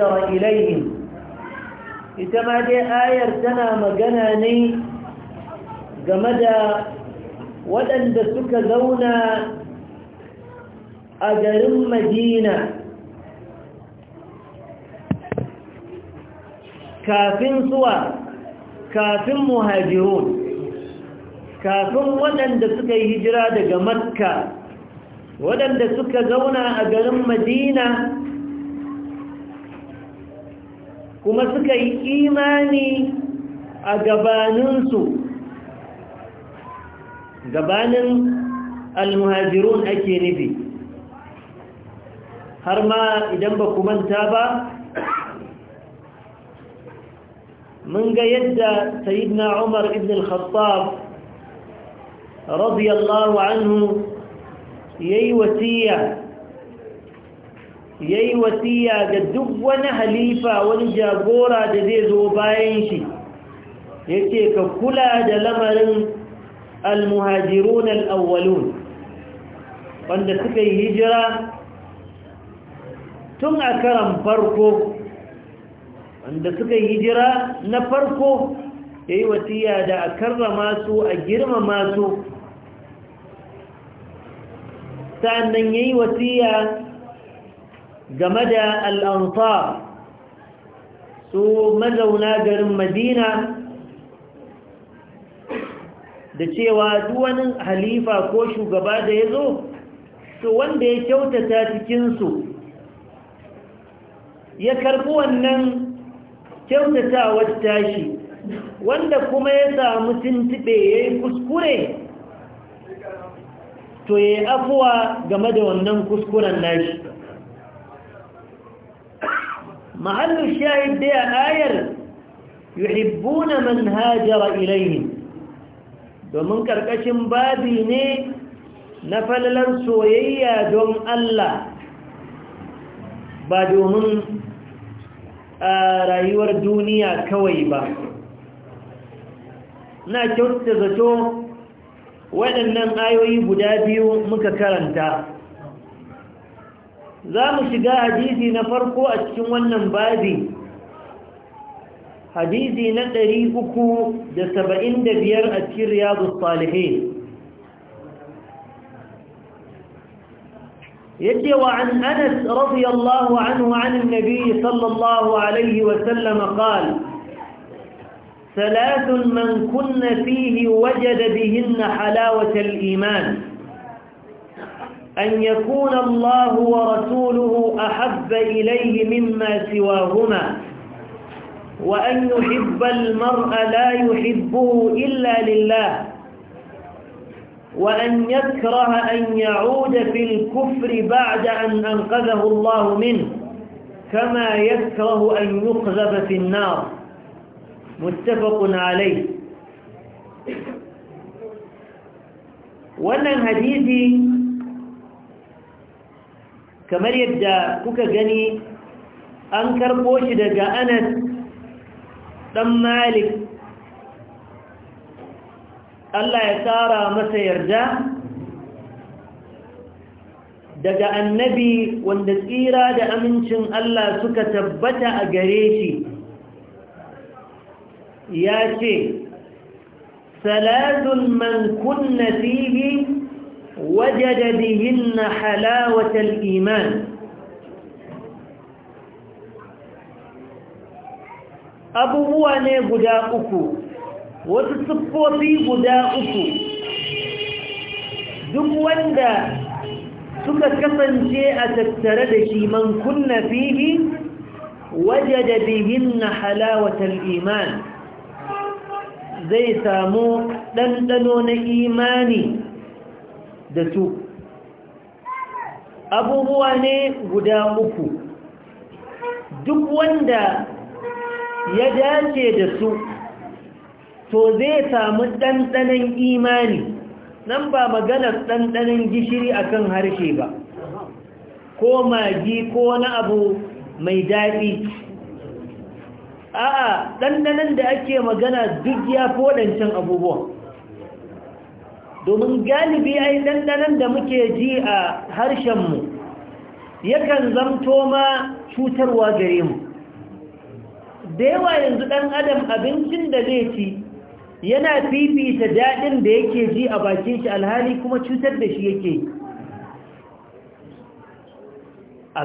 dai ayar tana magana ne game da waɗanda suka zauna a garin مدينة kafin suwa kafin muhajirun kafin waɗanda suka yi hijira daga makka waɗanda suka zauna a garin madina kuma suka yi imani a gabaninsu gabanin almuhajirun ake nufi har ma idan ba ku manta ba mun ga yadda sayidna umar ibn al-khattab radiyallahu anhu yayi wasiya ya yi wasiya ga duk wani halifa wani jagora da zai zo bayan shi ya ce ka kula da lamarin almuhajirun al'awwalun wanda suka yi hijira tun a karan farko wanda suka yi hijira na farko ya yi wasiya da a karrama su a girmama su sa'an nan ya yi wasiya game da al'ansar su mazauna garin madina da cewa duwanin halifa ko shugaba da ya zo su wanda ya kyautata cikinsu ya karbi wannan kyautatawar tashi wanda kuma ya samu tuntube ya yi kuskure to ya yi afuwa game da wannan kuskuren nashi محل الشاهد a آير يحبون من هاجر إليهم domin karkashin babi ne na falalar soyayya don Allah ba domin a rayuwar duniya kawai ba na kyauta zato waɗannan ayoyi guda biyu muka karanta za mu shiga hadisi na farko a cikin wannan babi hadisi na 375 a cikin riyadu salihin yake wa an anas radiyallahu anhu an النبي sallallahu alaihi wa sallam قال ثلاث من كن فيه وجد بهن حلاوة الإيمان أن يكون الله ورسوله أحب إليه مما سواهما وأن يحب المرء لا يحبه إلا لله وأن يكره أن يعود في الكفر بعد أن أنقذه الله منه كما يكره أن يقذف في النار متفق عليه وأن الحديث kamar yadda kuka gani an karɓo shi daga anas ɗan malik Allah ya tsara masa yarda daga annabi wanda tsira da amincin Allah suka tabbata a gare shi ya ce salatun man kunna fihi وجد بهن حلاوة الإيمان abubuwa ne guda uku wasu siffofi guda uku duk wanda suka kasance a tattare da shi man kunna fihi wajada bihinna halawatal iman zai samu ɗanɗano na imani da su abubuwa ne guda uku duk wanda ya dace da su to zai samu ɗanɗanen imani nan ba maganar ɗanɗanen gishiri akan harshe ba ko magi ko wani abu mai daɗi a'a ɗanɗanen da ake magana duk ya fi waɗancan abubuwa. domin galibi ai dandanan da muke ji a harshenmu yakan zamto ma cutarwa gare mu da yawa yanzu ɗan adam abincin da zai ci yana fifita daɗin da yake ji a bakin shi alhali kuma cutar da shi yake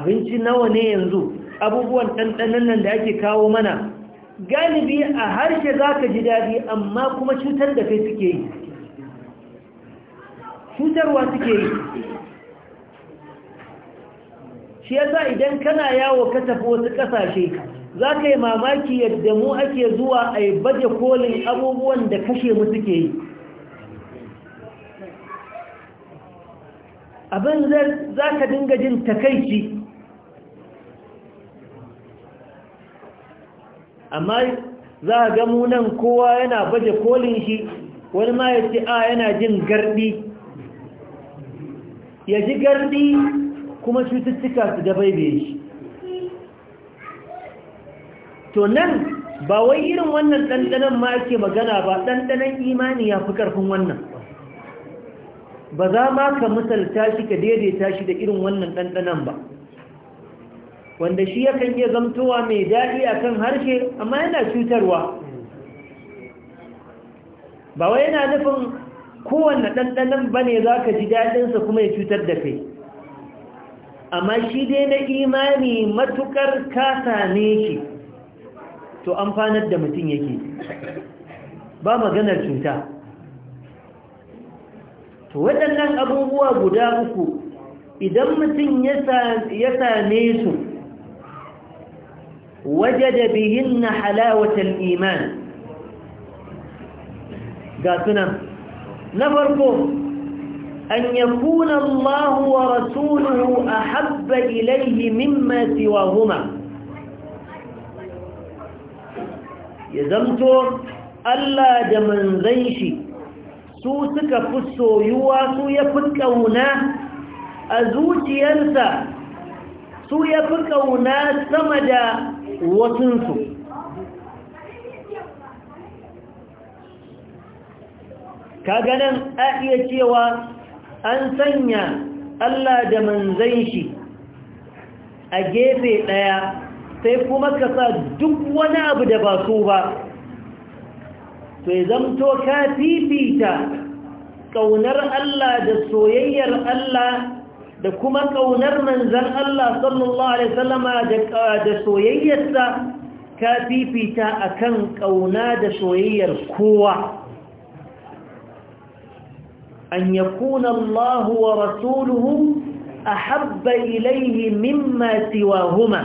abinci nawa ne yanzu abubuwan ɗanɗanon nan da ake kawo mana galibi a harshe za ka ji daɗi amma kuma cutar da kai suke yi cutarwa suke yi shi yasa idan kana yawo ka tafi wasu ƙasashe za ka yi mamaki yadda mu ake zuwa a yi baje kolin abubuwan da kashe mu suke yi abin za ka dinga jin takaici amma za a ga nan kowa yana baje kolin shi wani ma ya a yana jin gardi ya ji gardi kuma cututtuka su da bai shi to nan ba wai irin wannan ɗanɗanan ma ake magana ba ɗanɗanan imani ya fi ƙarfin wannan ba za ma ka misalta shi ka daidaita shi da irin wannan ɗanɗanan ba wanda shi yakan iya zamtowa mai daɗi a kan harshe amma yana cutarwa ba wai yana nufin kowanne ɗanɗanan ba ne za ka ji daɗinsa kuma ya cutar da kai amma shi dai na imani matukar ka same shi to amfanar da mutum yake ba maganar cuta to waɗannan abubuwa guda uku idan mutum ya same su waje da bihin na halawatar imani ga sunan na farko an yakuna Allah wa rasuluhu ahabba ilayhi mimma siwahuma ya zamto Allah da manzanshi shi su suka fi soyuwa su ya fi ƙauna a zuciyarsa su ya fi ƙauna sama da wasunsu Ka nan a iya cewa an sanya Allah da manzan shi a gefe ɗaya sai kuma ka sa duk wani abu da ba su ba to ya zamto ka fifita ƙaunar Allah da soyayyar Allah da kuma ƙaunar manzan Allah sallallahu Alaihi da soyayyarsa ka fifita akan ƙauna da soyayyar kowa أن يكون الله ورسوله أحب إليه مما سواهما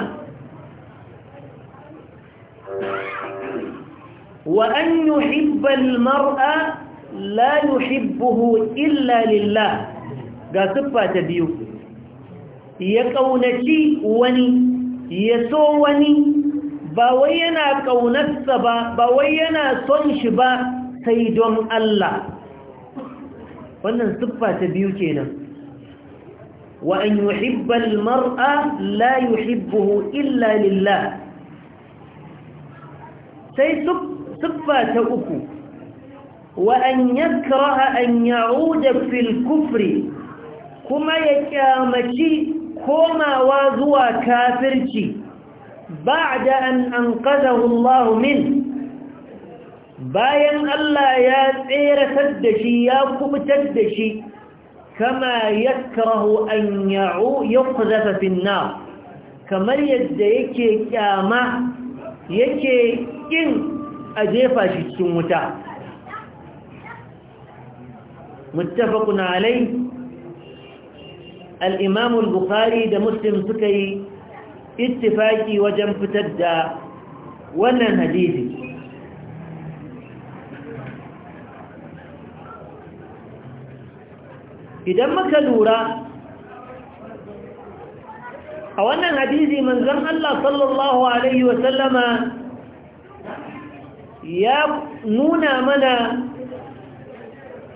وأن يحب المرء لا يحبه إلا لله قاسفة تبيو يكونتي وني يسوني وني كونت سبا باوينا ƙaunarsa ba ba wai wannan siffa ta biyu kenan wa an yuhibba almar'a la yuhibbuhu illa lillah sai siffa ta uku wa an yakraha an ya'uda fil kufri kuma ya kyamaci komawa zuwa kafirci ba'da an anqadahu Allah min bayan Allah ya tseratar da shi ya kubutar da shi kama yakrahu an ya'u yuqzafa fi an-nar kamar yadda yake kyama yake kin a jefa shi cikin wuta muttafaqun alai al-imam al-bukhari da muslim suka yi ittifaki wajen fitar da wannan hadisi idan muka lura a wannan hadisi manzon Allah sallallahu alaihi sallama ya nuna mana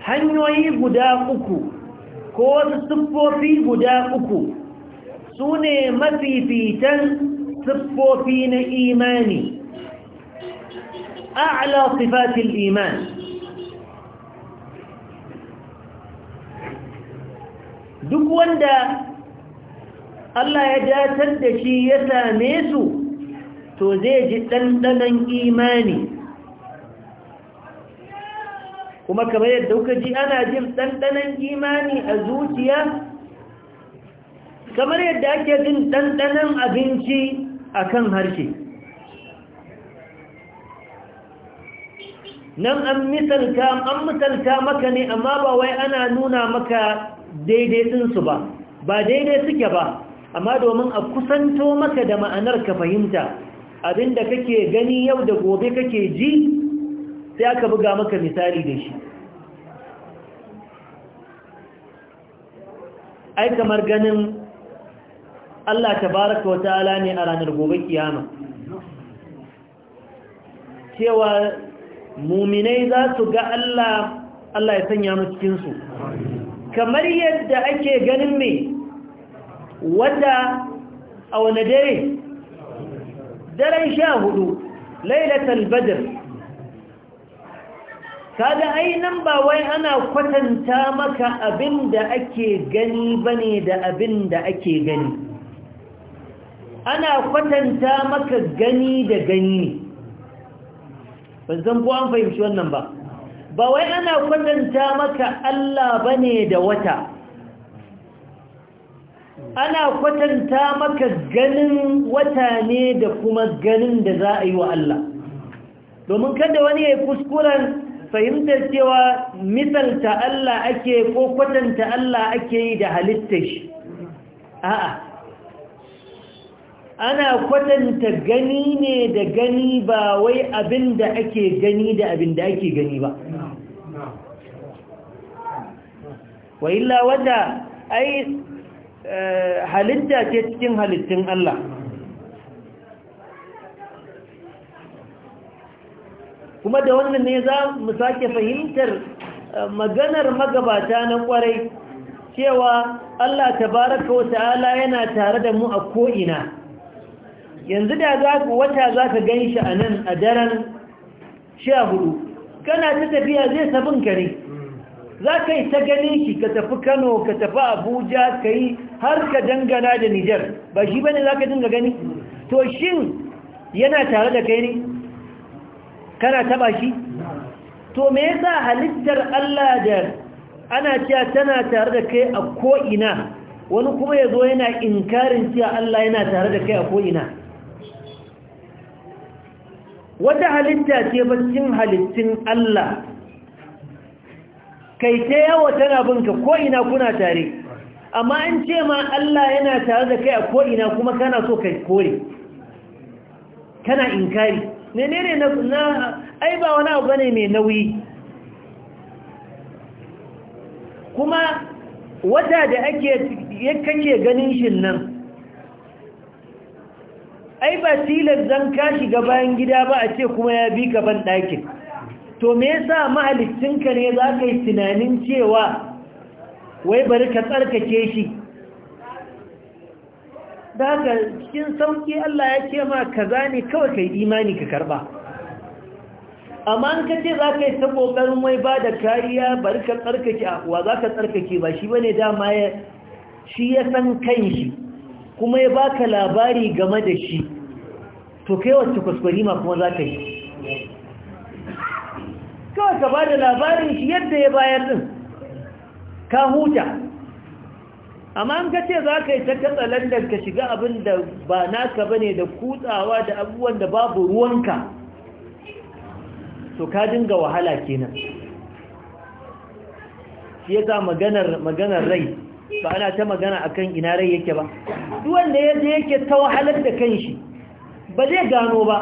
hanyoyi guda uku ko wasu siffofi guda uku sune mafi mafifitan siffofi na imani a'la sifatil iman duk wanda Allah ya datar da shi ya same su to zai ji ɗanɗanon imani kuma kamar yadda kuka ji ana jin ɗanɗanon imani a zuciya kamar yadda ake jin ɗanɗanon abinci a kan harshe nan an an misalta maka ne amma ba wai ana nuna maka daidai ɗinsu ba ba daidai suke ba amma domin a kusanto maka da ma'anar ka fahimta abinda kake gani yau da gobe kake ji sai aka buga maka misali da shi ai kamar ganin Allah baraka wa ta'ala ne a ranar gobe kiyama cewa muminai za su ga Allah Allah ya sanya mu cikin kamar yadda ake ganin me wanda a wani dare daren sha hudu lailatul badr kaga ai nan ba wai ana kwatanta maka abin da ake gani ne da abin da ake gani ana kwatanta maka gani da gani ban zan ko an fahimci wannan ba ba wai ana kwatanta maka Allah bane da wata ana kwatanta maka ganin wata ne da kuma ganin da za a yi wa Allah domin kada wani ya yi kuskuren fahimtar cewa misalta Allah ake ko kwatanta Allah ake yi da halittar shi a'a ana kwatanta gani ne da gani ba wai abin da ake gani da abin da ake gani ba wa illa wadda ai eh, halitta ce cikin halittun Allah kuma da wannan ne za mu sake fahimtar eh, maganar magabata na kwarai cewa Allah tabaraka wa ta'ala yana tare da mu a ko'ina yanzu da za ku wata za ka gan shi a nan a daren sha hudu kana ta tafiya zai sabin kare za ka yi ta gani shi ka tafi kano ka tafi abuja ka yi har ka dangana da nijar ba shi bane za ka dinga gani to shin yana tare da kai ne kana taba shi to me yasa halittar allah da ana cewa tana tare da kai a ko'ina wani kuma ya zo yana inkarin cewa allah yana tare da kai a ko'ina wata halitta ce bacin halittun Allah kai ta yawa tana binka ko'ina kuna tare amma an ce ma Allah yana tare da kai a ko'ina kuma kana so kai kore kana inkari ne ne ne na ai ba wani abu ne mai nauyi kuma wata da ake kake ganin shi nan ai ba tilar zan kashi ga bayan gida ba a ce kuma ya bi ka ban ɗakin to me yasa ka ne za ka yi tunanin cewa wai bari ka tsarkake shi da haka cikin sauƙi Allah ya ce ma ka zane kawai ka yi imani ka karɓa amma an ka ce za ka yi ta ƙoƙarin wai ba da kariya bari ka tsarkake wa za ka tsarkake ba shi ba ne dama ya shi ya san kan shi kuma ya baka labari game da shi to kai wacce ma kuma za ka yi kawai ka ba da labarin shi yadda ya bayar din ka huta amma an ka ce za ka yi ta katsalandar ka shiga abin da ba naka ba ne da kutsawa da abubuwan da babu ruwanka to ka dinga wahala kenan shi ya sa maganar rai ba ana ta magana akan ina rai yake ba duwanda yadda yake ta wahalar da kan shi ba zai gano ba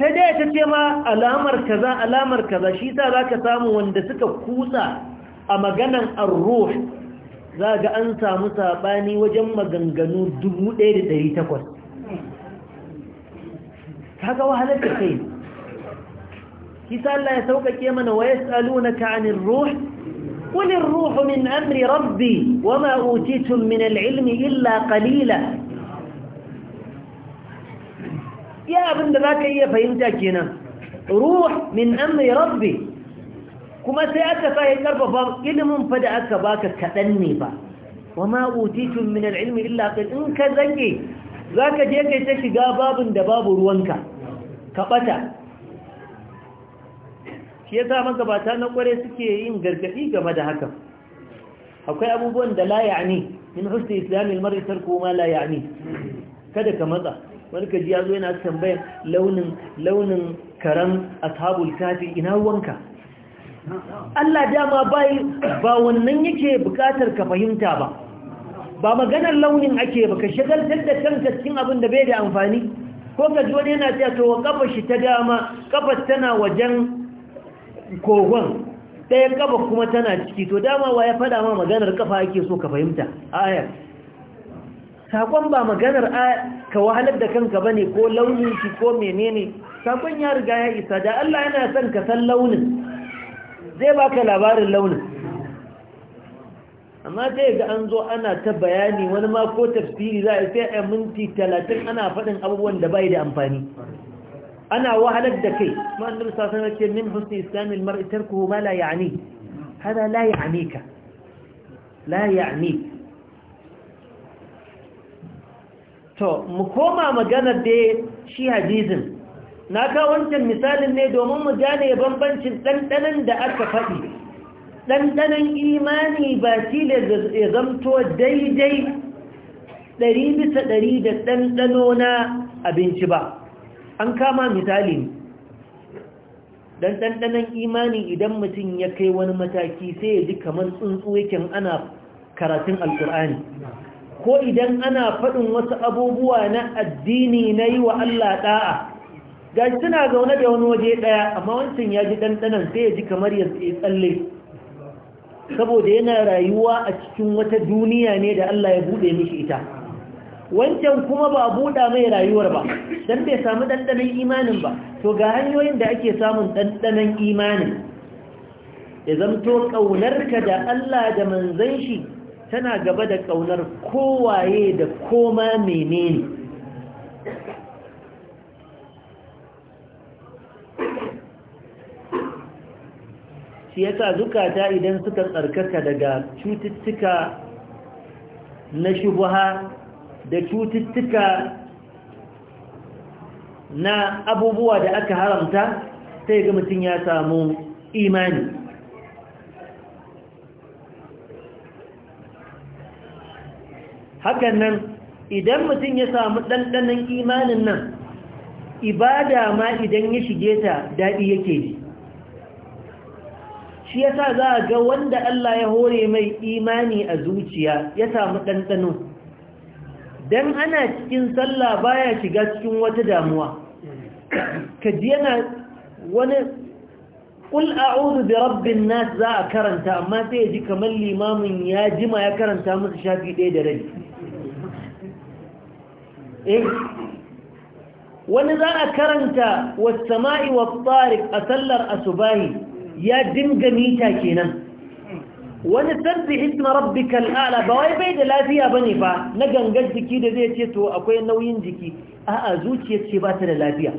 sai dai ta ce ma alamar kaza alamar kaza shi sa za ka samu wanda suka kusa a maganan arruh za ga an samu saɓani wajen maganganu dubu 1,800 ta ga wahalar da kai kisa Allah ya sauƙaƙe mana wa ya tsalo na ka'anin roh قل الروح من أمر ربي وما أوتيتم من العلم إلا قليلا يا ابن ذاك هي فهمتك هنا روح من أمر ربي كما سيأتى فهي كرفة علم فدأك باك كتني با وما أوتيتم من العلم إلا قليلا إنك زكي ذاك جيك تشي باب دباب روانك كبتا shi yasa magabata na kware suke yin gargadi game da haka akwai abubuwan da la ya'ni min husni islamil mar'i tarku ma la ya'ni kada ka matsa wani kaji ya zo yana tambayar launin launin karan ashabul kafi ina wanka Allah dama bai ba wannan yake bukatar ka fahimta ba ba maganar launin ake ba ka shagaltar da kanka cikin abin da bai da amfani ko ka ji wani yana cewa to kafa shi ta dama kafar tana wajen kogon ɗaya kafa kuma tana ciki to dama wa ya fada ma maganar ƙafa ake so ka fahimta ayar sakon ba maganar ka wahalar da kanka ba ne, ko launin shi ko menene sakon ya riga ya isa da Allah yana son ka san launin zai baka labarin launin amma sai ga an zo ana ta bayani wani mako tafsiri za a sai a minti talatin ana faɗin abubuwan da bai da amfani ana wahalar da kai ma annabi sallallahu alaihi min husni islamil mar'i tarkuhu ma la ya'ni hada la ya'nika la ya'ni to mu koma maganar da shi hadisin na ka wancan misalin ne domin mu gane bambancin ɗanɗanon da aka faɗi ɗanɗanon imani ba tilas ya zamto daidai ɗari bisa ɗari da ɗanɗano na abinci ba an kama misali ne dan ɗanɗanon imanin idan mutum ya kai wani mataki sai ya ji kamar tsuntsu yake ana karatun alkur'ani ko idan ana faɗin wasu abubuwa na addini na yi wa Allah ɗa'a ga suna zaune da wani waje ɗaya amma wancan ya ji ɗanɗanon sai ya ji kamar ya tsalle saboda yana rayuwa a cikin wata duniya ne da Allah ya buɗe mishi ita wancan kuma ba a buɗa mai rayuwar ba don bai samu ɗanɗanen imanin ba to ga hanyoyin da ake samun ɗanɗanen imanin ya zamto ƙaunarka da Allah da manzan shi tana gaba da ƙaunar kowaye da koma menene shi yasa zukata idan suka tsarkaka daga cututtuka na shubuha da cututtuka na abubuwa da aka haramta sai ga mutum ya samu imani hakan nan idan mutum ya samu ɗanɗanin imanin nan ibada ma idan ya shige ta daɗi yake ji shi ya sa za a ga wanda Allah ya hore mai imani a zuciya ya samu ɗanɗano dan ana cikin sallah baya shiga cikin wata damuwa kaji yana wani kul a'udhu bi rabbin nas za a karanta amma sai ya ji kamar limamin ya jima ya karanta musu shafi ɗaya da rai eh, wani za a karanta was sama'i was tariq a sallar asubahi ya dinga mita kenan wani sabbi hisma rabbikal a'la ba wai bai da lafiya bane ba na gangar jiki da zai ce to akwai nauyin jiki a'a zuciyar ce ba ta da lafiya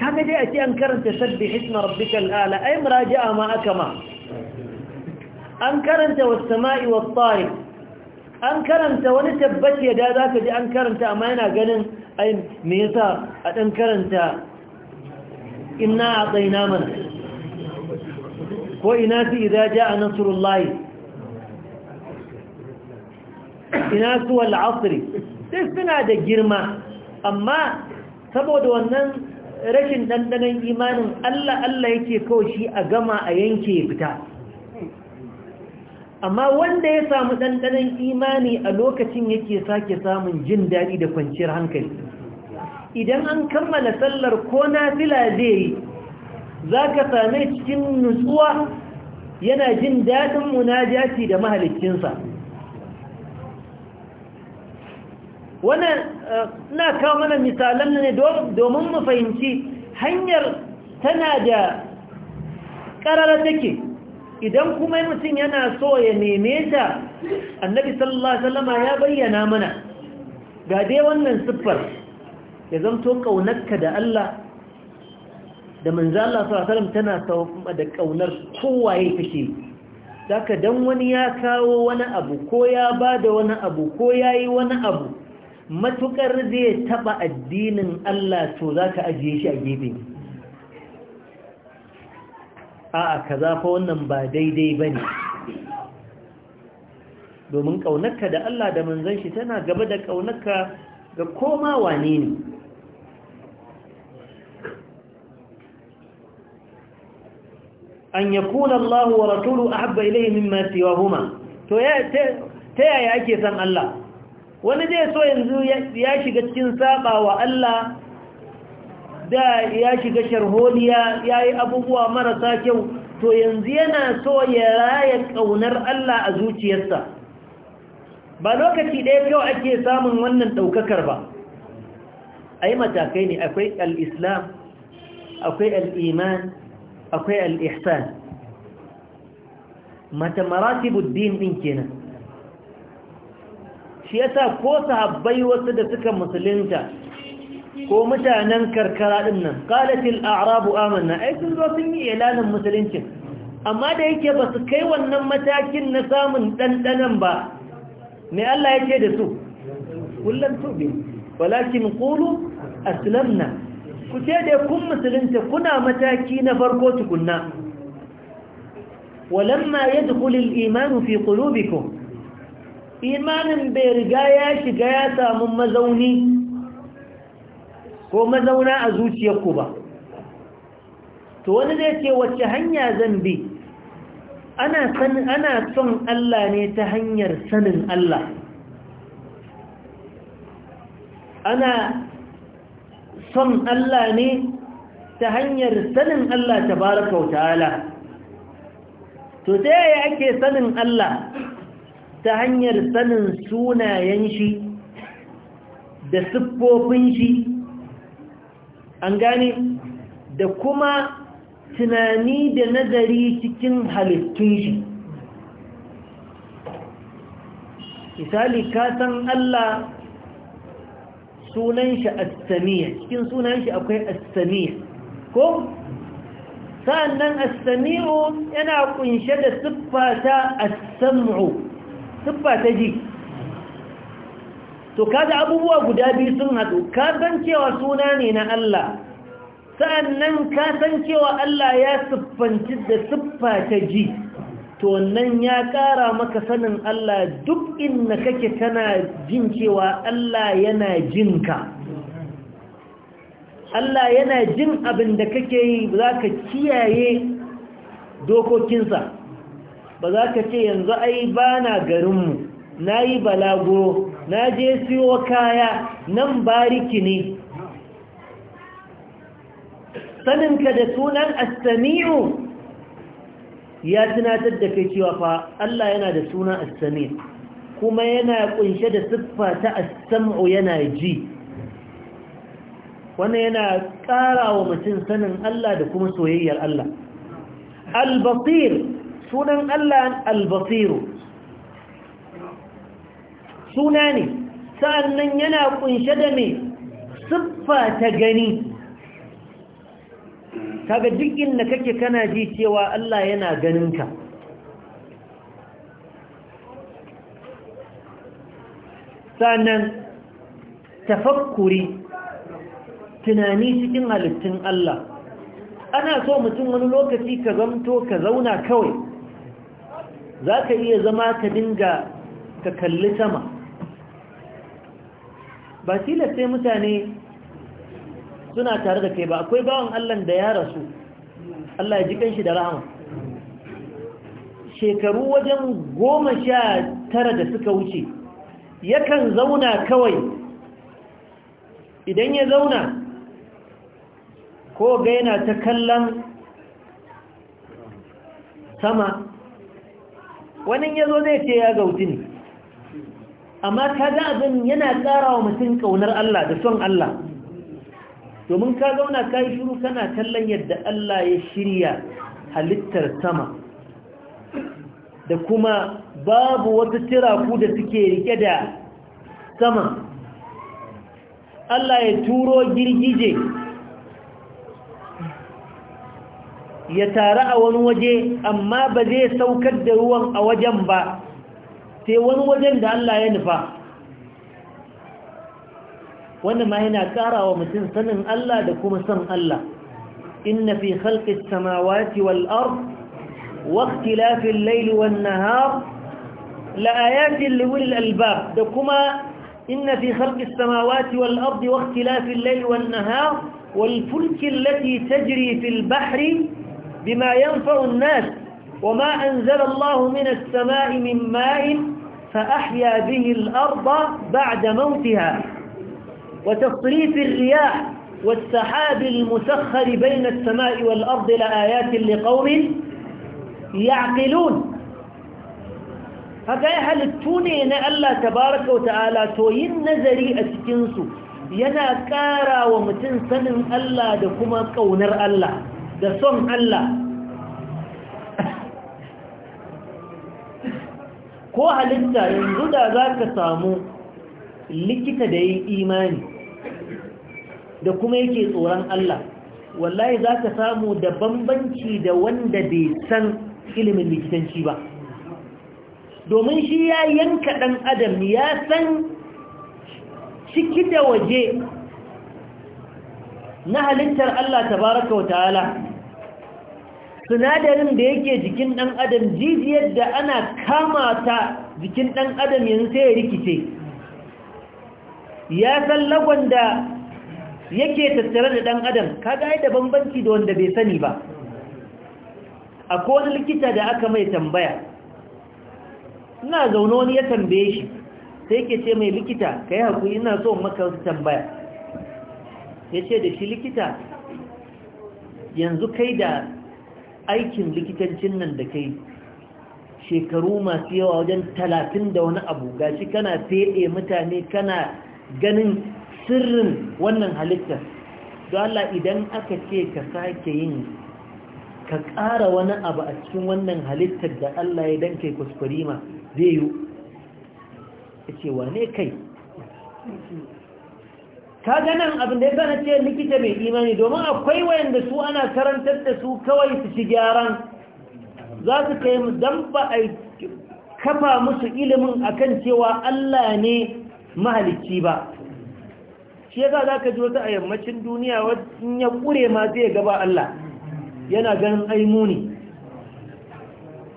kame dai ake an karanta sabbi hisma rabbikal a'la ai muraja'a ma aka ma an karanta was sama'i was tsari an karanta wani tabbaci da za ka ji an karanta amma yana ganin ai me yasa a dan karanta inna tsaina mana ko ina su a jaa nasrullahi ina su wal sai suna da girma amma saboda wannan rashin dandanan imanin Allah Allah yake kawai shi a gama a yanke fita amma wanda ya samu dandanan imani a lokacin yake sake samun jin daɗi da kwanciyar hankali idan an kammala sallar ko nafila zai za ka same cikin nutsuwa yana jin daɗin munajati da mahalikinsa wannan eh, na kawo mana misalan ne domin mu fahimci hanyar tana da ƙarara take idan kuma mutum yana so ya neme ta annabi sallallahu alaihi wasallam ya bayyana mana ga dai wannan siffar ya zanto ƙaunarka da Allah da manzo Allah sallallahu alaihi wasallam tana da kaunar kowaye take saka dan wani ya kawo wani abu ko ya bada wani abu ko yayi wani abu matukar zai taba addinin Allah to zaka ajiye shi a gefe a'a kaza fa wannan ba daidai bane domin kaunarka da Allah da manzon shi tana gaba da kaunarka ga koma wane ne an yakuna Allahu wa rasuluhu ahabba ilayhi mimma siwahuma to ya ta yaya ake san Allah wani zai so yanzu ya shiga cikin saba wa Allah da ya shiga sharholiya ya yi abubuwa marasa kyau to yanzu yana so ya raya ƙaunar Allah a zuciyarsa ba lokaci ɗaya kyau ake samun wannan ɗaukakar ba Ai matakai ne akwai islam akwai al'iman akwai al-ihsan mata maratibud din din kenan shi ko sahabbai wasu da suka musulunta ko mutanen karkara din nan qalatil a'rabu amanna ai sun zo sun yi ilanin musulunci amma da yake ba su kai wannan matakin na samun ɗanɗanan ba me Allah yake da su kullum tubi walakin qulu aslamna ku ce dai kun musulunta kuna mataki na farko tukunna walamma yadkhul al-iman fi qulubikum imanin bai riga ya shiga ya samu mazauni ko mazauna a zuciyarku ba to wani zai ce wacce hanya zan bi ana ana son Allah ne ta hanyar sanin Allah ana son Allah ne ta hanyar sanin Allah ta baraka wa ta'ala to ta yaya ake sanin Allah ta hanyar sanin sunayen shi da siffofin shi an gane da kuma tunani da nazari cikin halittun shi misali ka san Allah sunan shi as-sami' cikin sunan shi akwai as-sami' ko sa'annan as-sami'u yana kunshe da siffa ta as-sam'u siffa ta ji to kaga abubuwa guda biyu sun hadu ka san cewa suna ne na Allah sa'annan ka san cewa Allah ya siffanci da siffa ta ji to wannan ya ƙara maka sanin Allah duk inda kake kana jin cewa Allah yana jin ka Allah yana jin abin da kake yi za ka kiyaye dokokinsa ba za ka ce yanzu ai ba na garinmu na yi balaguro na je siyo kaya nan bariki ne saninka da sunan astami'u ya tunatar da kai cewa fa Allah yana da suna as-sami kuma yana kunshe da siffa ta as-sam'u yana ji wannan yana ƙara wa mutum sanin Allah da kuma soyayyar Allah al-basir sunan Allah al-basir suna ne sa'annan yana kunshe da me siffa ta gani kaga duk inda kake kana ji cewa Allah yana ganin ka sannan tafakkuri tunani cikin halittun Allah ana so mutum wani lokaci ka zamto ka zauna kawai za ka iya zama ka dinga ka kalli sama ba sai mutane suna tare da kai ba akwai bawan Allah da ya rasu Allah ya ji kanshi da rahama shekaru wajen goma sha tara da suka wuce yakan zauna kawai idan ya zauna ko ga yana ta kallon sama wani ya zo zai ce ya gauti ne amma ta ga abin yana tsara wa mutum ƙaunar Allah da son Allah domin ka zauna ka yi shuru kana kallon yadda Allah ya shirya halittar sama da kuma babu wata tiraku da suke rike da sama Allah ya turo girgije ya taru a wani waje amma ba zai saukar da ruwan a wajen ba sai wani wajen da Allah ya nufa wannan ma yana ƙara wa mutum sanin Allah da kuma san Allah inna fi khalqis samawati wal ard wa ikhtilafil layli wan nahar la ayatin li ulil albab da kuma inna fi khalqis samawati wal ard wa ikhtilafil layli wan nahar wal fulki allati tajri fil bahri bima yanfa'u an-nas وما أنزل الله من السماء من ماء فأحيا به الأرض بعد موتها وتصريف الرياح والسحاب المسخر بين السماء والأرض لآيات لقوم يعقلون فكيف لتوني إن ألا تبارك وتعالى توين نزري أسكنس ينا كارا ومتنسن ألا دكما كونر ألا دسون ألا كوها لتا ينزد ذاك سامو likita da yin imani da kuma yake tsoron Allah wallahi za ka samu da bambanci da wanda bai san ilimin likitanci ba domin shi ya yanka ɗan adam ya san ciki da waje na halittar Allah tabaraka wa ta'ala sinadarin da yake jikin ɗan adam jijiyar da ana kama ta jikin ɗan adam yanzu sai ya rikice ya san lagon da yake tattare da ɗan adam kaga ai da bambanci da wanda bai sani ba a wani likita da aka mai tambaya ina zaune wani ya tambaye shi sai ke ce mai likita ka yi haƙuri ina so maka wasu tambaya ya ce da shi likita yanzu kai da aikin likitancin nan da kai shekaru masu yawa wajen talatin da wani abu gashi kana feɗe mutane kana ganin sirrin wannan halittar don Allah idan aka ce ka sake yin ka ƙara wani abu a cikin wannan halittar da Allah ya danke kuskure zai yi ya ce wane kai ka ganin abin da ya sana ce likita mai imani domin akwai wayanda su ana karantar da su kawai su ci gyaran za su kai mu don ba a kafa musu ilimin akan cewa Allah ne mahalicci ba shi yasa za ka ji wata a yammacin duniya in ya ƙure ma zai gaba Allah yana ganin aimuni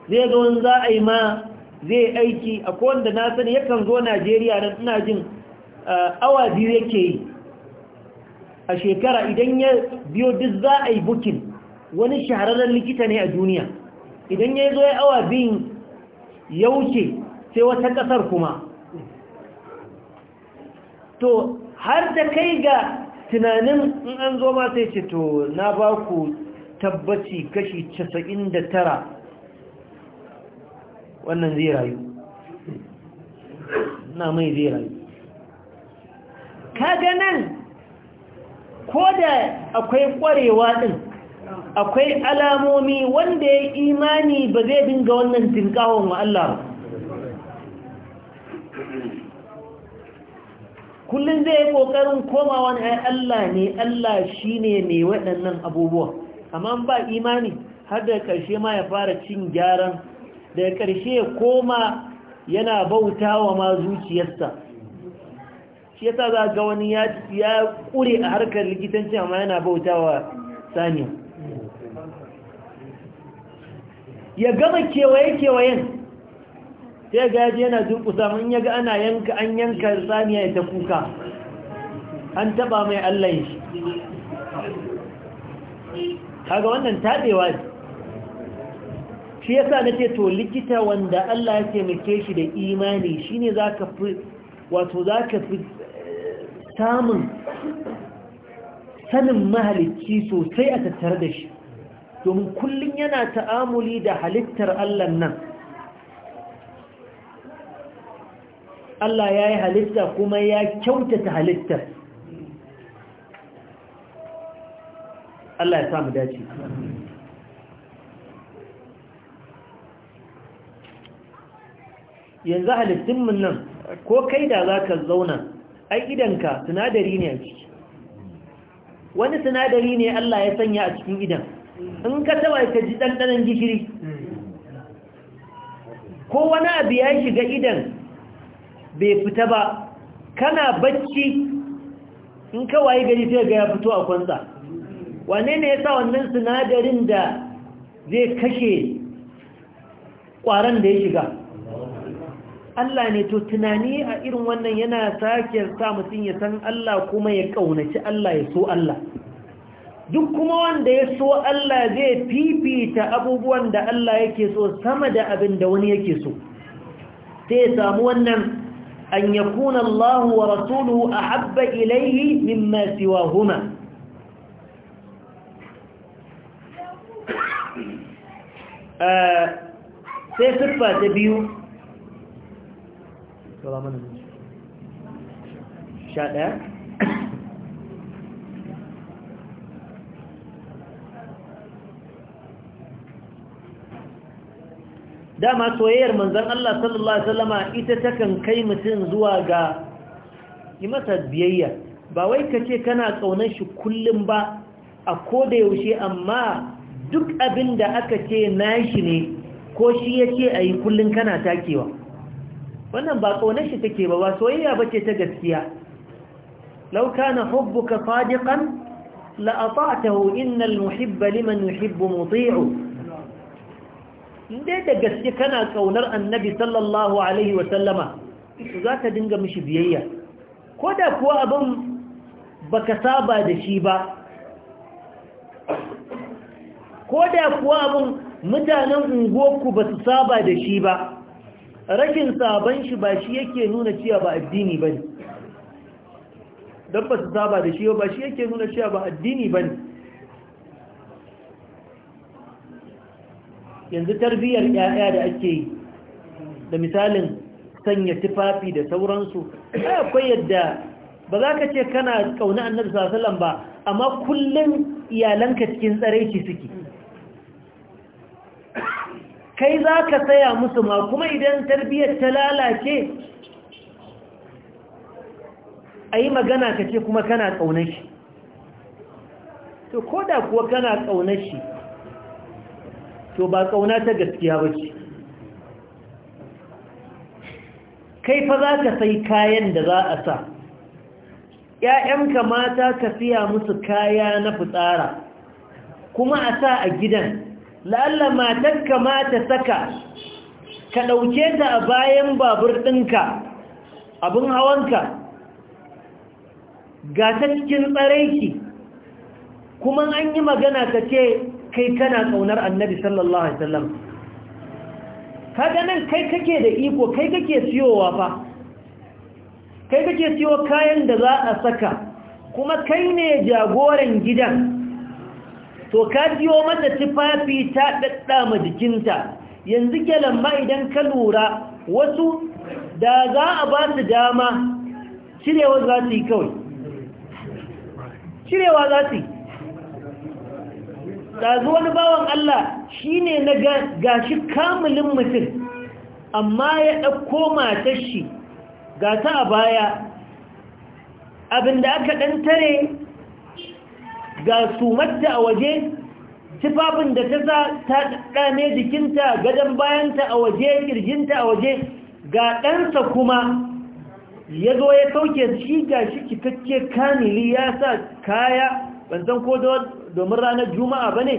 zai zo za a yi ma zai aiki a kowanda na sani yakan zo najeriya nan ina jin eh, awa biyu yake yi a shekara idan ya biyo duk za a yi bukin wani shahararren likita ne a duniya idan ya zo ya awa biyun ya wuce sai wata ƙasar kuma to har da kai ga tunanin in an zo ma sai ce to na ba ku tabbaci kashi casa'in da wannan zai rayu na mai zai rayu kaga nan ko da akwai kwarewa din akwai alamomi wanda ya imani ba zai dinga wannan tinkawon wa Allah ba kullum zai yi ƙoƙarin komawa ne ai Allah ne Allah shine mai waɗannan abubuwa amma ba imani har da ƙarshe ma ya fara cin gyaran da ƙarshe koma yana bautawa ma zuciyarsa shi yasa za ga wani ya ƙure a harkar likitanci amma yana bautawa saniya ya gama kewaye kewayen sai ga yaji yana durkusa mun yaga ana yanka an yanka saniya ya ta kuka an taba mai Allah shi kaga wannan tabewa ne shi yasa nake to likita wanda Allah ya taimake shi da imani shine zaka fi wato zaka fi eh, samun sanin mahalicci sosai a tattare da shi domin kullum yana ta'amuli da halittar Allah nan Allah ya yi halitta kuma ya kyautata halittar Allah ya samu dace yanzu halittunmu nan ko kai da za ka zauna ai idanka sinadari ne a ciki wani sinadari ne Allah ya sanya a cikin idan in ka taba ka ji ɗanɗanen gishiri ko wani abu ya shiga idan bai fita ba kana bacci in kawai gari sai ga ya fito a kwanza wane ne ya sa wannan sinadarin da zai kashe ƙwaron da ya shiga Allah ne to tunani a irin wannan yana sake sa mutum ya san Allah kuma ya ƙaunaci Allah ya so Allah duk kuma wanda ya so Allah zai fifita abubuwan da Allah yake so sama da abin da wani yake so sai ya samu wannan أن يكون الله ورسوله أحب إليه مما سواهما sai آه، تبيو ta biyu sha dama soyayyar manzan Allah sallallahu Alaihi wasallama ita takan kai mutum zuwa ga yi masa biyayya ba wai ka ce kana tsaunar shi kullum ba a koda yaushe amma duk abin da aka ce nashi ne ko shi ya ce a yi kullum kana takewa wannan ba tsaunar shi take ba ba soyayya ba ce ta gaskiya lauka na hubbuka sadiqan la ata'tahu innal muhibba liman yuhibbu muti'u inda da gaske kana kaunar annabi sallallahu alaihi wasallama za ka dinga mishi biyayya ko da kuwa abin baka saba da shi ba ko da kuwa abin mutanen unguwarku ba su saba da shi ba rashin saban shi ba shi yake nuna cewa ba addini ba ne don ba su saba da shi ba shi yake nuna cewa ba addini ba ne yanzu tarbiyyar 'ya'ya da ake yi da misalin sanya tufafi da sauransu ai akwai yadda ba za ka ce kana kauna annabi sallallahu alaihi ba amma kullum iyalanka cikin tsareci suke kai za ka saya musu ma kuma idan tarbiyyar ta lalace a magana ka ce kuma kana ƙaunar shi to ko kuwa kana ƙaunar shi to ba ƙauna ta gaskiya ba ce kai fa za ka sai kayan da za a sa ‘ya'yanka mata ka siya musu kaya na fitsara kuma a sa a gidan la'alla matar kamata saka ka ɗauke ta a bayan babur ɗinka abin hawanka ga ta cikin tsaraiki kuma an yi magana ka ce kai kana kaunar annabi sallallahu alaihi wasallam kaga nan kai kake da iko kai kake siyowa fa kai kake siyo kayan da za a saka kuma kai ne jagoran gidan to ka siyo mata tufafi ta daddama jikinta yanzu ke idan ka lura wasu da za a ba su dama cirewa za su yi kawai cirewa za su yi ɗazu wani bawan Allah shi ne na gashi kamulin mutum amma ya ɗauko matar shi ga ta a baya abinda aka ɗan tare ga sumatta a waje tufafin da ta sa ta ɗane jikinta gadon bayanta a waje ƙirjinta a waje ga ɗansa kuma ya zo ya sauke shi ga shi cikakke kamili ya sa kaya ban san ko da domin ranar juma'a ba ne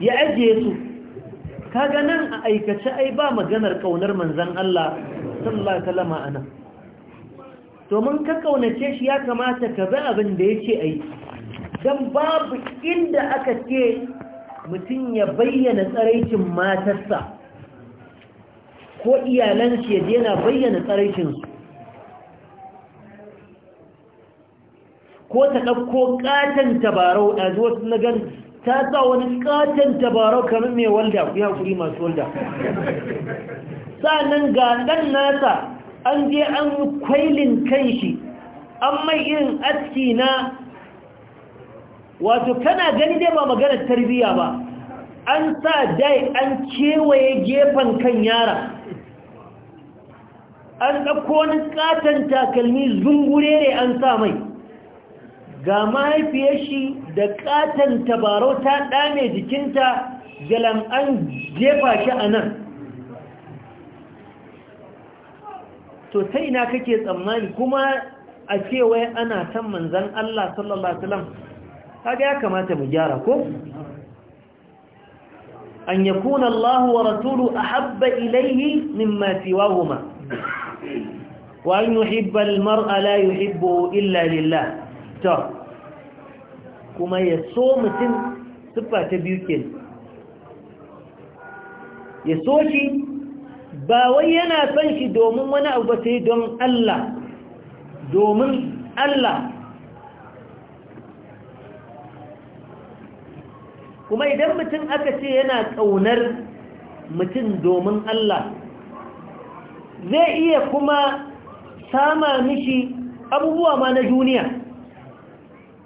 ya ajiye su kaga nan a aikace ai ba maganar kaunar manzan Allah sallallahu alaihi wasallam ana domin ka kaunace shi ya kamata ka bi abin da yake ai dan babu inda aka ce mutum ya bayyana tsaraicin matarsa ko iyalan shi ya daina bayyana tsaraicin ko ta ɗauko ƙaton tabarau a zuwa na gan ta sa wani ƙaton tabarau kamar mai walda ku yi masu walda nan ga ɗan nasa an je an kwailin kan shi an mai irin aski na wato kana gani dai ba maganar tarbiyya ba an sa dai an kewaye gefen kan yara an ɗauko wani ƙaton takalmi zungure ne an sa mai ga mahaifiyashi shi da katon tabarau ta ɗame jikinta galan an jefa shi a nan to ta ina kake tsammani kuma a cewa ana san manzan Allah sallallahu Alaihi wasallam ya kamata mu gyara ko? أن يكون الله ورسوله أحب إليه Wa سواهما وأن يحب المرء لا يحبه illa لله ta kuma ya so mutum siffa ta biyu ke ya so shi ba wai yana son shi domin wani abu ba sai don Allah domin Allah kuma idan mutum aka ce yana ƙaunar mutum domin Allah zai iya kuma sama mishi abubuwa ma na duniya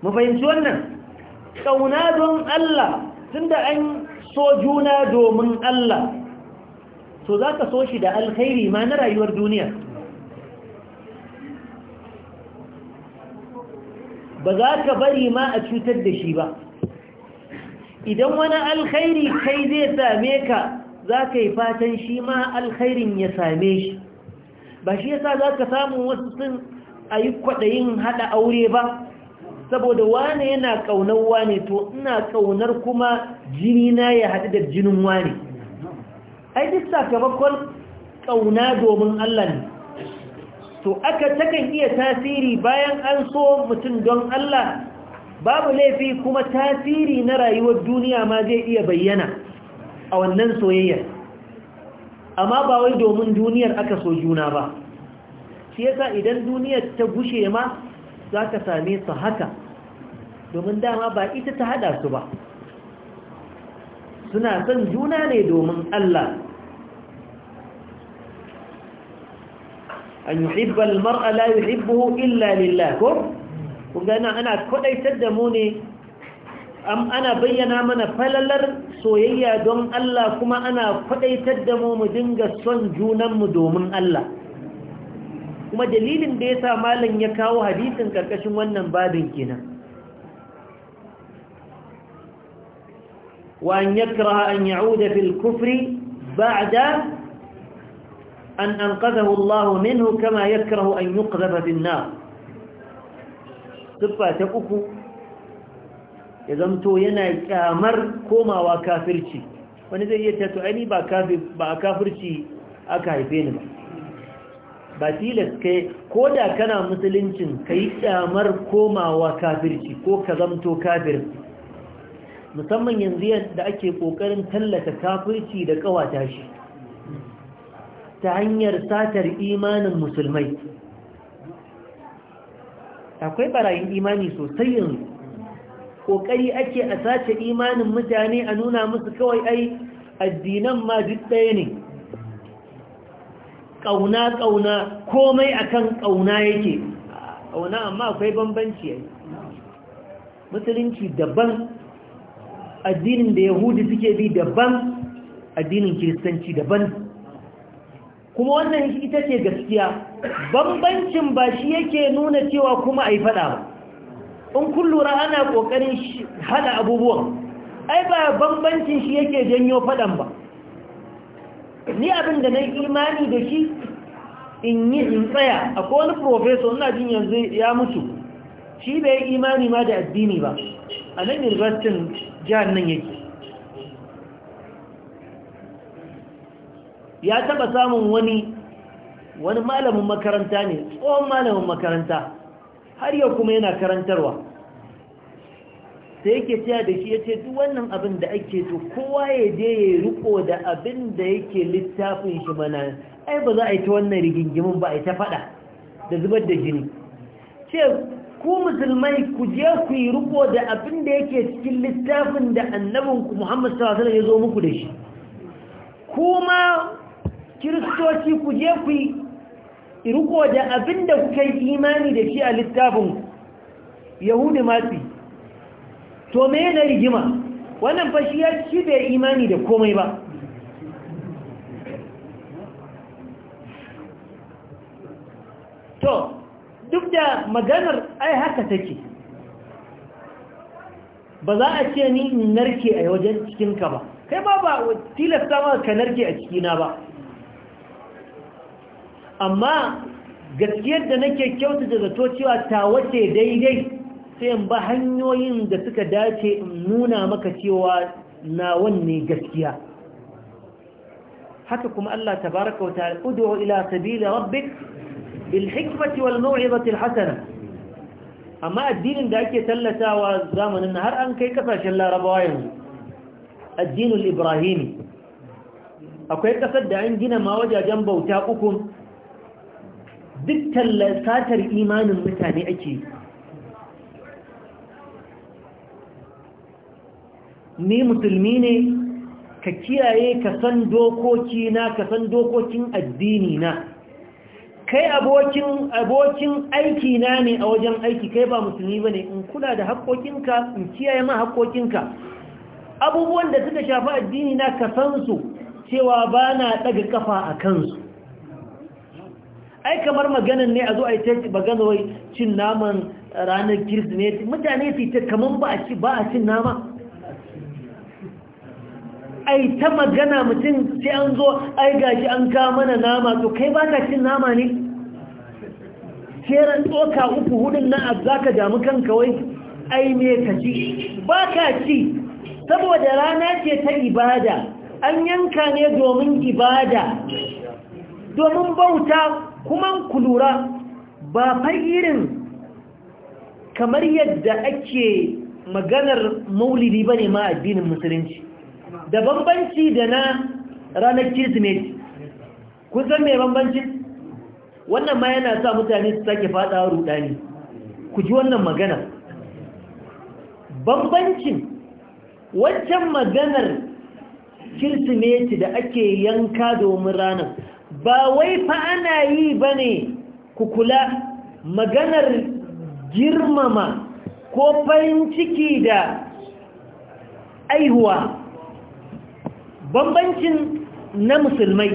mu fahimci wannan ƙauna don Allah tunda an so juna domin Allah to za ka so shi da alkhairi ma na rayuwar duniya ba za ka bari ma a cutar da shi ba idan wani alkhairi kai zai same ka za ka yi fatan shi ma alkhairin ya same shi ba shi yasa za ka samu wasu sun a yi kwaɗayin haɗa aure ba saboda wane yana kaunar wane to ina kaunar kuma jini na ya haɗu da jinin wane ai duk sakamakon kauna domin Allah ne to aka takan iya tasiri bayan an so mutum don Allah babu laifi kuma tasiri na rayuwar duniya ma zai iya bayyana a wannan soyayyar amma ba wai domin duniyar aka so juna ba shi yasa idan duniyar ta gushe ma za ka same su haka domin dama ba ita ta hada su ba suna son juna ne domin Allah an yuhibba almar'a la yuhibbuhu illa lillah ko kun ana kodaitar da mu ne ana bayyana mana falalar soyayya don Allah kuma ana kwadaitar da mu mu dinga son junanmu domin Allah kuma dalilin da ya sa malam ya kawo hadisin karkashin wannan babin kenan وأن ba'ada أن يعود في الكفر بعد أن أنقذه الله منه كما يكره أن يقذف في النار ta uku ya zamto yana kyamar komawa kafirci wani zai iya to aini ba a kafirci aka haife ni ba ba tilas kai ko da kana musuluncin ka yi kyamar komawa kafirci ko ka zamto kafir musamman yanzu yadda ake ƙoƙarin tallata kafirci da ƙawata shi ta hanyar satar imanin musulmai akwai barayin imani sosai yanzu ƙoƙari ake a sace imanin mutane a nuna musu kawai ai addinan ma duk ɗaya ne ƙauna ƙauna komai akan ƙauna yake ƙauna amma akwai bambanci yayi musulunci daban addinin da yahudi suke bi daban addinin kiristanci daban kuma wannan ita ce gaskiya bambancin ba shi yake nuna cewa kuma a yi fada ba in kullura ana ƙoƙarin hada abubuwan ai ba bambancin shi yake janyo faɗan ba ni abin da na imani da shi in yi in tsaya a wani profesor ina jin yanzu ya mutu shi bai yi imani ma da addini ba a nan universitin jihar nan yake ya taba samun wani wani malamin makaranta ne tsohon malamin makaranta har yau kuma yana karantarwa sai yake cewa da shi ya ce duk wannan abin da ake to kowa ya je ya riko da abin da yake littafin shi mana ai ba za a yi ta wannan rigingimin ba a yi ta fada da zubar da jini ce ku musulmai ku je ku yi riko da abin da yake cikin littafin da annabinku muhammad sallallahu alaihi wasallam ya zo muku da shi kuma kiristoci ku je ku yi riko da abin da kuka yi imani da shi a littafin yahudi matsi to me na rigima wannan fashi ya ci bai imani da komai ba to duk da maganar ai haka take ba za a ce ni in narke a wajen cikinka ba kai ba ba tilasta ma ka narke a cikina ba amma gaskiyar da nake kyauta da zato cewa ta wace daidai sai ba hanyoyin da suka dace in nuna maka cewa na wanne gaskiya haka kuma Allah tabaraka wa ta'ala ud'u ila sabili rabbik bil hikmati wal maw'izati al hasana amma addinin da ake tallatawa zamanin har an kai kasashen larabawa yanzu addinul ibrahimi akwai kasar da an gina ma wajajen bauta uku duk tallasatar imanin mutane ake yi ni musulmi ne ka kiyaye ka san dokoki na ka san dokokin addini na kai abokin abokin aiki na ne a wajen aiki kai ba musulmi bane in kula da haƙoƙinka in kiyaye ma haƙoƙinka abubuwan da suka shafi addini na ka san su cewa ba na ɗaga kafa a kansu ai kamar maganan ne a zo a yi ta magana wai cin naman ranar kirsimeti mutane su ta kamar ba a cin nama ai ta magana mutum sai an zo ai gashi an ka mana nama to kai ba ka cin nama ne keran tsoka uku hudun na a za ka damu kanka wai ai me ka ci ba ka ci saboda rana ce ta ibada an yanka ne domin ibada domin bauta kuma ku lura. ba fa irin kamar yadda ake maganar maulidi bane ma addinin musulunci da bambanci da na ranar kirsimeti san mai bambancin wannan ma yana sa mutane su sake fadawa rudani ku ji wannan magana bambancin wancan maganar kirsimeti da ake yanka domin ranar ba wai fa ana yi ba ne kula maganar girmama ko farin ciki da aihuwa bambancin na musulmai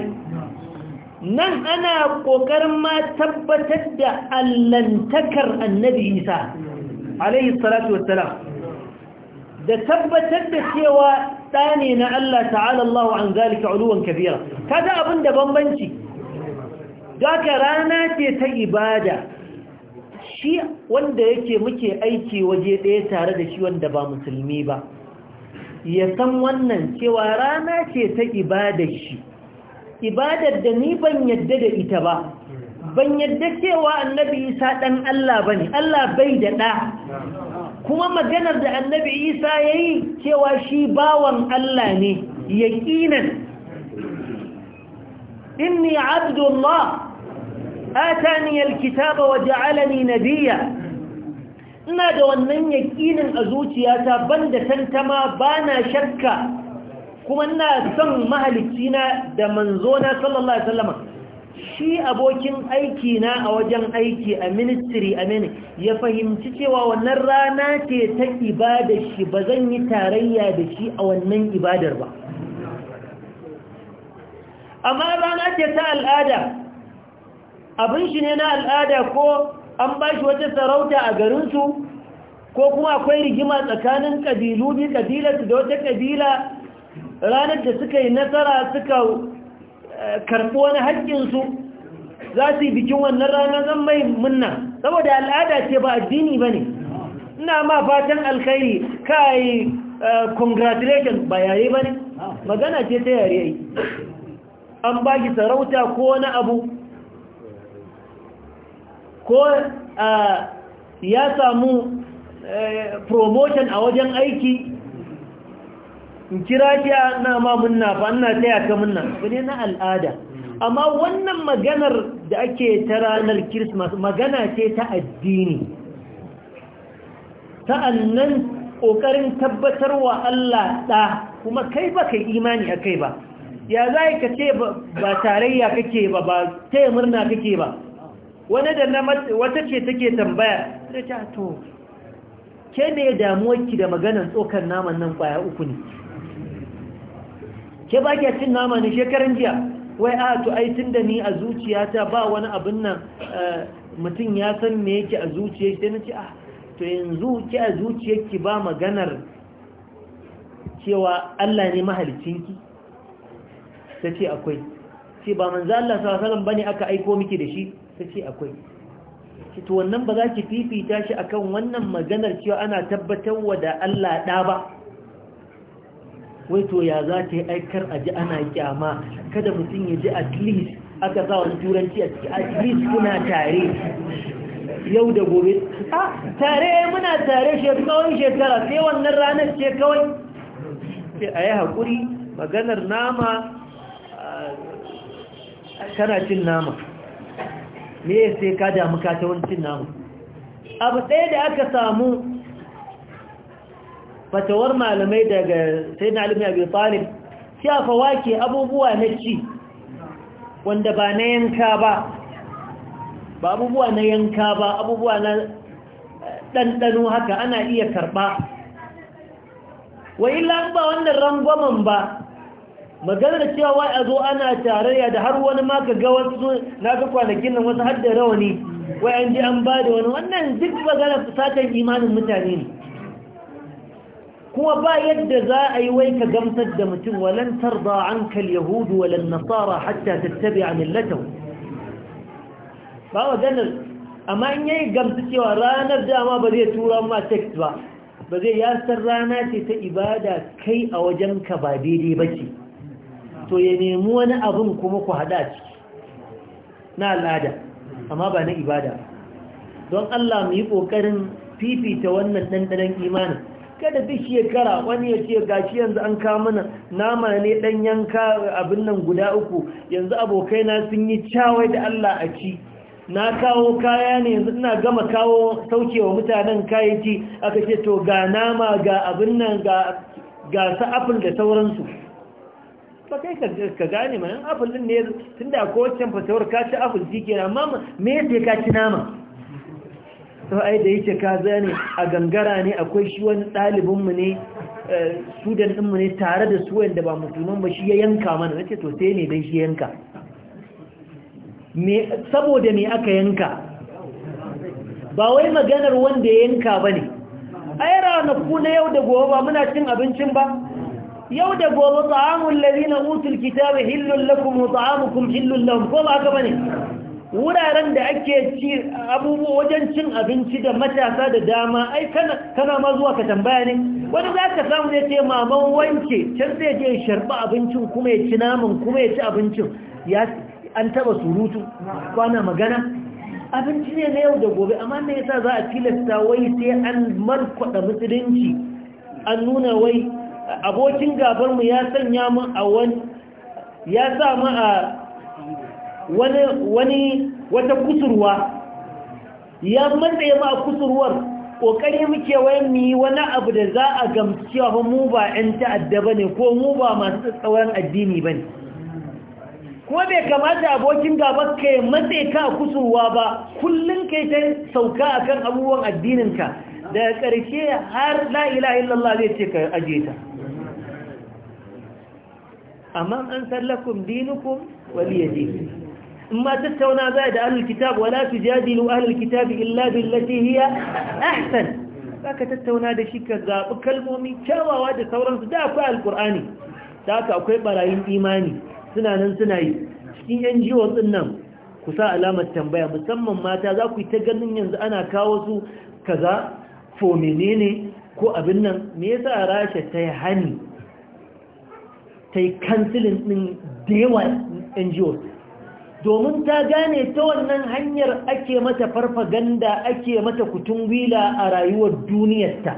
nan ana ƙoƙarin ma tabbatar da allantakar annabi isa alaihi salatu wassalam da tabbatar da cewa ɗane na Allah ta'ala Allah an zalika uluwan kabira kaga abin da bambanci daga rana ce ta ibada shi wanda yake muke aiki waje ɗaya tare da shi wanda ba musulmi ba ya san wannan cewa rana ce ta ibadar shi ibadar da ni ban yadda da ita ba ban yadda cewa annabi isa ɗan Allah ba ne Allah bai da ɗa kuma maganar da annabi isa ya yi cewa shi bawan Allah ne yaƙinan inni abdullah atani kitaba wa ja'alani nabiyya ina da wannan yaƙinin a zuciyata banda tantama bana shakka kuma ina son mahalicina da manzona sallallahu alaihi wasallam shi abokin aiki na a wajen aiki a ministry ya fahimci cewa wannan rana ce ta ibada shi ba zan yi tarayya da shi a wannan ibadar ba amma rana ce ta al'ada abin shi ne na al'ada ko an ba shi wata sarauta a garinsu ko kuma akwai rigima tsakanin ƙabilu biyu ƙabilarsu da wata ƙabila ranar da suka yi nasara suka eh, karɓi wani haƙƙinsu za su yi bikin wannan ranar zan mai munna saboda al'ada ce ba addini ba ne ina ma fatan alkhairi kai eh, congratulations ba yare ba ne magana ce ta yare an ba shi sarauta ko wani abu ko ya samu e, promotion a wajen aiki in kira shi na ma munna ba ina taya ka munna ne na al'ada amma wannan maganar da ake ta ranar christmas magana ce ta addini Ta'annan ƙoƙarin tabbatar wa Allah ɗa kuma kai ba kai imani a kai ba ya za ka ce ba tarayya kake ba ba taya murna kake ba wani da na wata ce take tambaya sai ta to ke ne damuwarki da maganar tsokar naman nan kwaya uku ne ke ba ke cin nama ne shekaran jiya wai a to ai tun da ni a zuciyata ba wani abin nan eh, mutum ya san me yake a zuciya sai na ce ah to yanzu ki a zuciyarki ba maganar cewa Allah ne mahalicinki ta ce akwai ce ba manzo Allah sallallahu alaihi wasallam bane aka aiko miki da shi ta ce akwai to wannan ba za ki fifita shi akan wannan maganar cewa ana tabbatar wa da Allah ɗa ba wai to ya za ta yi aikar aji ana kyama kada mutum ya ji at least aka sa wani turanci a ciki at least kuna tare yau da gobe a tare muna tare shekarun shekara sai wannan ranar ce kawai sai a yi haƙuri maganar nama kana cin nama me sai ka damu ka ta wancin namu abu ɗaya da aka samu fatawar malamai daga sai na alimiyar biyu talib shafa wake abubuwa na ci wanda ba na yanka ba ba abubuwa na yanka ba abubuwa na ɗanɗano haka ana iya karɓa wa illa ba wannan rangwamen ba maganar cewa wai a zo ana tarayya da har wani ma ka ga wasu na ga kwanakin nan wasu har da rawani wai an ji an ba da wani wannan duk maganar fusatan imanin mutane ne kuma ba yadda za a yi wai ka gamsar da mutum walan tarda anka yahudu walan nasara hatta a millatahu ba maganar amma in yayi gamsu cewa ranar dama ba zai tura ma text ba ba zai yasar rana ce ta ibada kai a wajen ka ba daidai ba ce to ya nemi wani abin kuma ku hada ciki na al'ada amma ba na ibada don Allah mu yi kokarin fifita wannan dandanan imanin kada duk shekara wani ya ce gashi yanzu an kama mana nama ne dan yanka abin nan guda uku yanzu abokai na sun yi cawai da Allah a ci na kawo kaya ne yanzu ina gama kawo saukewa mutanen kayayyaki. aka ce to ga nama ga abin nan ga ga su da sauransu ba kai ka gane mana apple din ne tun da ko wancan fasawar ka ci apple ji kenan amma me yake ka ci nama to ai da yake ka zane a gangara ne akwai shi wani ɗalibinmu ne eh, sudan din mu ne tare da su wanda ba musulman ba shi ya yanka mana nace to sai ne don shi yanka saboda me aka yanka ba wai maganar wanda ya yanka bane ai ranaku na yau da gobe ba muna cin abincin ba yau da gobe ta'amun lalina utul kitabe hillun lakum ta'amukum hillun lahum ko ba haka ne? wuraren da ake ci abubuwa wajen cin abinci da matasa da dama ai kana ma zuwa ka tambaya ne wani za ka samu ne ce maman wanke can zai je sharba abincin kuma ya ci naman kuma ya ci abincin ya an taba surutu kwana magana abinci ne na yau da gobe amma me yasa za a tilasta wai sai an markwada musulunci an nuna wai abokin gabar ya sanya mu a wani ya sa mu a wani wani wata kusurwa ya matse mu a kusurwar kokari muke wayan mu yi wani abu da za a gamsu wa mu ba 'yan ta'adda bane ko mu ba masu tsauran addini bane ko bai kamata abokin gaba ka matse ka a kusurwa ba kullum ka ta sauka a kan abubuwan addininka da ƙarshe har la'ila illallah zai ce ka ajiye ta amma an sallakum dinukum waliyadin in ma tattauna za da ahlul kitab wala tujadilu ahlul kitab illa billati hiya ahsan ka tattauna da shi ka zaɓi kalmomi kyawawa da sauransu da akwai alkur'ani da aka akwai barayin imani suna nan suna yi cikin yan jiho ɗin kusa ku sa alamar tambaya musamman mata za ku yi ta ganin yanzu ana kawo su kaza fo menene ko abin nan me yasa rasha ta yi hani ta yi kansilin ɗin da yawa NGOs domin ta gane ta wannan hanyar ake mata farfaganda ake mata kutun wila a rayuwar duniyarta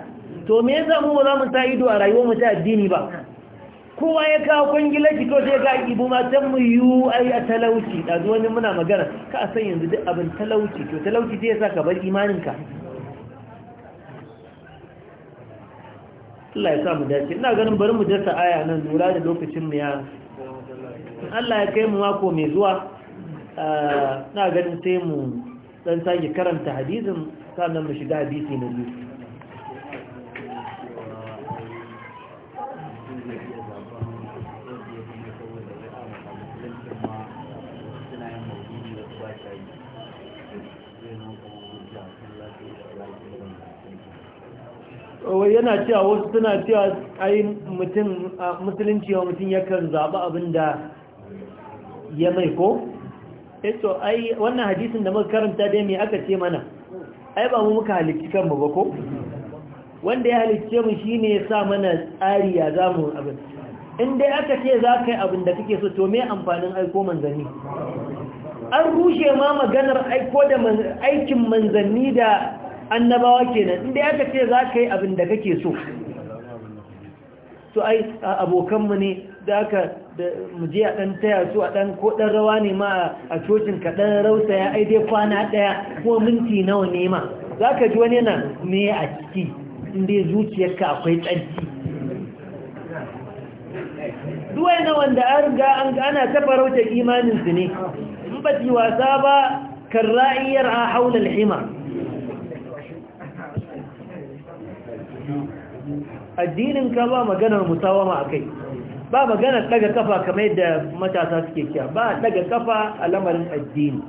to me yasa mu za mu ta ido a rayuwar mu ta addini ba kowa ya kawo kwangila ki ko sai ga ibu matan mu yu ai a talauci da wani muna magana ka san yanzu duk abin talauci to talauci sai ya sa ka bar imaninka Allah ya sa mu dace ina ganin bari mu dasa aya nan lura da lokacin mu ya Allah ya kai mu mako mai zuwa ah, ina ganin sai mu dan sake karanta hadisin sannan mu shiga hadisi na biyu Thank you. yana cewa wasu suna cewa ai mutum musulunci wa mutum yakan zaɓi abin da ya mai ko? so eh ai wannan hadisin da muka karanta dai mai aka ce mana ai ba mu muka halicci kanmu ba ko? wanda ya halicce mu shi ne ya sa mana tsari ya zamu abin in dai aka ce za ka yi abin da kake so to mai amfanin aiko manzanni an rushe ma maganar aiko da aikin manzanni da annabawa kenan inda aka ce za ka yi abin da kake so to ai abokanmu ne da aka mu a ɗan taya su a ɗan ko ɗan rawa ne ma a cocin ka ɗan rausa ya ai kwana ɗaya ko minti nawa ne ma za ka ji wani yana me a ciki inda zuciyarka akwai tsanci. duwai na wanda an riga ana ta farautar imaninsu ne in ba wasa ba kan ra'ayyar a haular hima addinin ka ba maganar musawama akai ba maganar daga kafa kamar yadda matasa suke kiya ba daga kafa a lamarin addini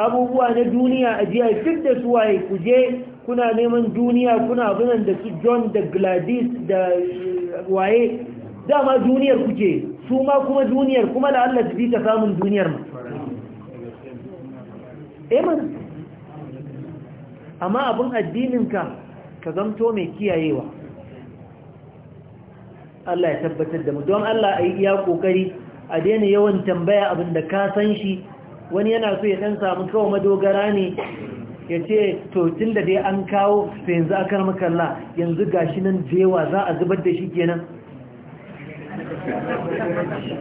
abubuwa na duniya a jiya duk da su waye ku je kuna neman duniya kuna abinan da su john da gladys da eh, waye dama duniyar ku ce su ma kuma duniyar kuma da allah su bi ka samun duniyar ma eh amma abin addininka ka zamto mai kiyayewa Allah ya tabbatar da mu don Allah a yi iya kokari a daina yawan tambaya abin da ka san shi wani yana so ya dan samu kawai madogara ne ya ce to tun da dai an kawo sai yanzu aka kar makalla yanzu gashi nan jewa za a zubar da shi kenan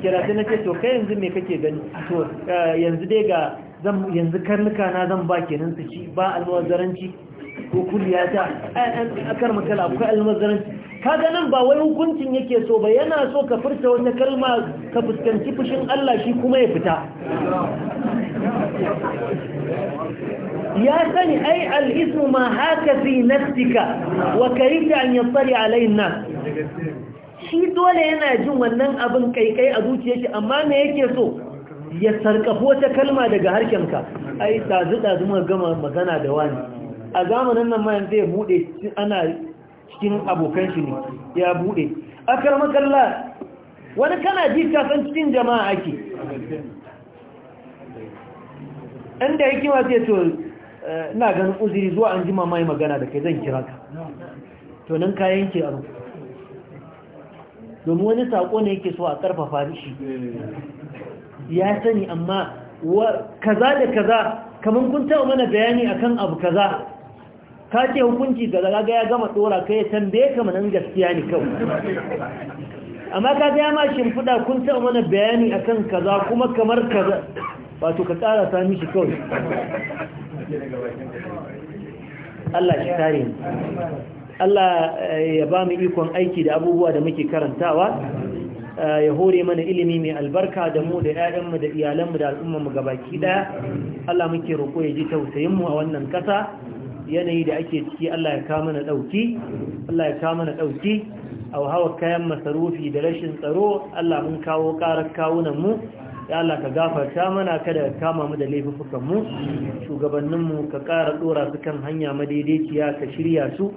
kira sai na ce to kai yanzu me kake gani to eh, yanzu dai ga zan yanzu karnuka na zan ba kenan su ci ba almazzaranci ko kulliyata ta a eh, eh, kan makala akwai almazzaranci kaga nan ba wai hukuncin yake so ba yana so ka furta wata kalma ka fuskanci fushin Allah shi kuma ya fita ya sani ai al ma haka fi nafsika wa karita an yattali shi dole yana jin wannan abin kaikai a zuciyarsa amma me yake so ya sarkafo ta kalma daga harkenka ai tazu tazu gama magana da wani a zamanin nan ma yanzu ya bude ana cikin abokan shi ne ya bude akar makalla wani kana ji kasan cikin jama'a ake inda ma ce to eh, ina ganin uziri zuwa an ji mai magana da kai zan kira ka to nan kayan ke abu domin wani sako ne yake so a karfafa shi ya sani amma kaza da kaza kamar kun taɓa mana bayani akan abu kaza ka ce hukunci ga zaga ya gama tsora ka ya tambaye ka manan gaskiya ne kawai amma ka ga ma shimfiɗa kun taɓa mana bayani akan kaza kuma kamar kaza wato ka tsara sami shi kawai Allah shi tare Allah eh, ya ba mu ikon aiki da abubuwa da muke karantawa eh, ya hore mana ilimi mai albarka da mu da 'ya'yanmu da iyalanmu da al'ummarmu gabaki ɗaya Allah muke roƙo ya ji mu a wannan ƙasa yanayi da ake ciki Allah ya kama na ɗauki Allah ya kama na ɗauki a hawa kayan masarufi da rashin tsaro Allah mun kawo ƙarar kawunanmu ya Allah ka gafarta mana kada ka kama mu da laifukanmu shugabanninmu ka ƙara ɗora su kan hanya madaidaiciya ka shirya su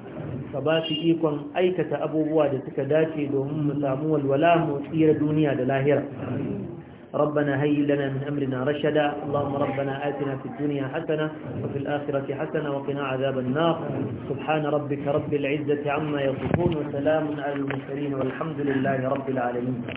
ka ba su ikon aikata abubuwa da suka dace domin mu samu walwala mu tsira duniya da lahira ربنا هيئ لنا من أمرنا رشدا اللهم ربنا آتنا في الدنيا حسنة وفي الآخرة حسنة وقنا عذاب النار سبحان ربك رب العزة عما يصفون وسلام على المرسلين والحمد لله رب العالمين